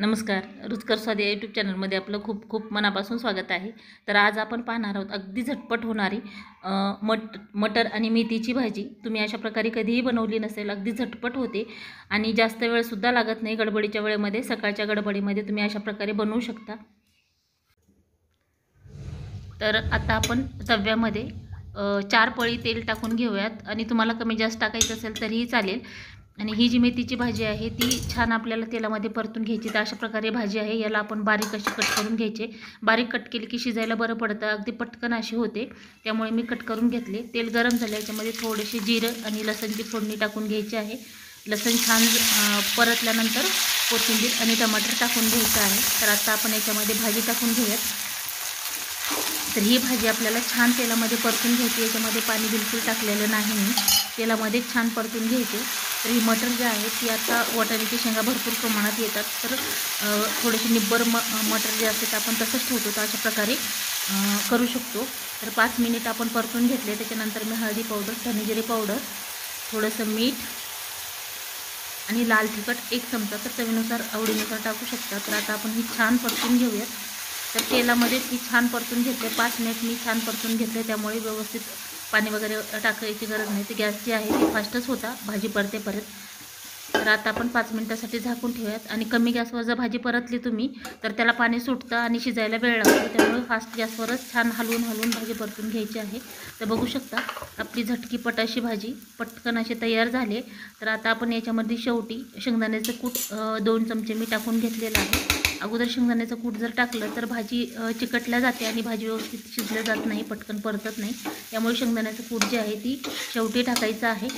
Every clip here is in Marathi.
नमस्कार रुचकर स्वादी या यूट्यूब चॅनलमध्ये आपलं खूप खूप मनापासून स्वागत आहे तर आज आपण पाहणार आहोत अगदी झटपट होणारी मट मटर आणि मेथीची भाजी तुम्ही अशा प्रकारे कधीही बनवली नसेल अगदी झटपट होते आणि जास्त वेळसुद्धा लागत नाही गडबडीच्या वेळेमध्ये सकाळच्या गडबडीमध्ये तुम्ही अशा प्रकारे बनवू शकता तर आता आपण तव्यामध्ये चार पळी तेल टाकून घेऊयात आणि तुम्हाला कमी जास्त टाकायचं असेल तरीही चालेल आणि ही जी मेथीची भाजी आहे ती छान आपल्याला तेलामध्ये परतून घ्यायची तर अशा प्रकारे भाजी आहे याला आपण बारीक अशी कट करून घ्यायचे बारीक कट केली की शिजायला बरं पडतं अगदी पटकन अशी होते त्यामुळे मी कट करून घेतले तेल गरम झालं याच्यामध्ये थोडेसे जिरं आणि लसणची फोडणी टाकून घ्यायची आहे लसण छान परतल्यानंतर कोथिंबीर आणि टमाटर टाकून घ्यायचं आहे तर आता आपण याच्यामध्ये भाजी टाकून घेऊयात तर ही भाजी आपल्याला छान तेलामध्ये परतून घ्यायची याच्यामध्ये पाणी बिलकुल टाकलेलं नाही मी तेलामध्ये छान परतून घ्यायचे तर ही मटर जी आहे ती आता वाटाण्याची शेंगा भरपूर प्रमाणात येतात तर थोडेसे निब्बर म मटर जे असते ते आपण तसंच ठेवतो तर अशा प्रकारे करू शकतो तर पाच मिनिट आपण परतून घेतले त्याच्यानंतर मी हळदी पावडर धनेजिरे पावडर थोडंसं मीठ आणि लाल तिखट एक चमचा तर चवीनुसार आवडीनुसार टाकू शकता तर आता आपण ही छान परतून घेऊयात तर तेलामध्ये ती छान परतून घेतले पाच मिनिट मी छान परतून घेतले त्यामुळे व्यवस्थित पाणी वगैरे टाकायची गरज नाही ती गॅस जी आहे ती फास्टच होता भाजी परते परत तर आता आपण पाच मिनटासाठी झाकून ठेवूयात आणि कमी गॅसवर जर भाजी परतली तुम्ही तर त्याला पाणी सुटतं आणि शिजायला वेळ लागतो त्यामुळे फास्ट गॅसवरच छान हलवून हलवून भाजी परतून घ्यायची आहे तर बघू शकता आपली झटकी पटाशी भाजी पटकन अशी तयार झाले तर आता आपण याच्यामध्ये शेवटी शेंगदाण्याचं कूट दोन चमचे मी टाकून घेतलेलं आहे अगोदर शेंगदाण्याचं कूट जर टाकलं तर भाजी चिकटल्या जाते आणि भाजी व्यवस्थित शिजल्या जात नाही पटकन परतत नाही त्यामुळे शेंगदाण्याचं कूट जे आहे ती शेवटी टाकायचं आहे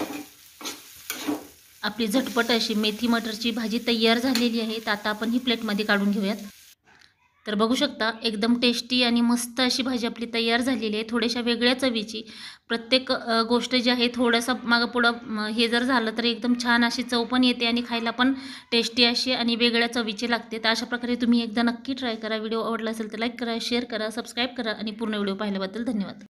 आपली झटपट अशी मेथी मटरची भाजी तयार झालेली आहे तर आता आपण ही प्लेटमध्ये काढून घेऊयात तर बघू शकता एकदम टेस्टी आणि मस्त अशी भाजी आपली तयार झालेली आहे थोड्याशा वेगळ्या चवीची प्रत्येक गोष्ट जी आहे थोडंसं मागं पुढं हे जर झालं तर एकदम छान अशी चव पण येते आणि खायला पण टेस्टी अशी आणि वेगळ्या चवीची लागते तर अशा प्रकारे तुम्ही एकदा नक्की ट्राय करा व्हिडिओ आवडला असेल तर लाईक करा शेअर करा सबस्क्राईब करा आणि पूर्ण व्हिडिओ पाहिल्याबद्दल धन्यवाद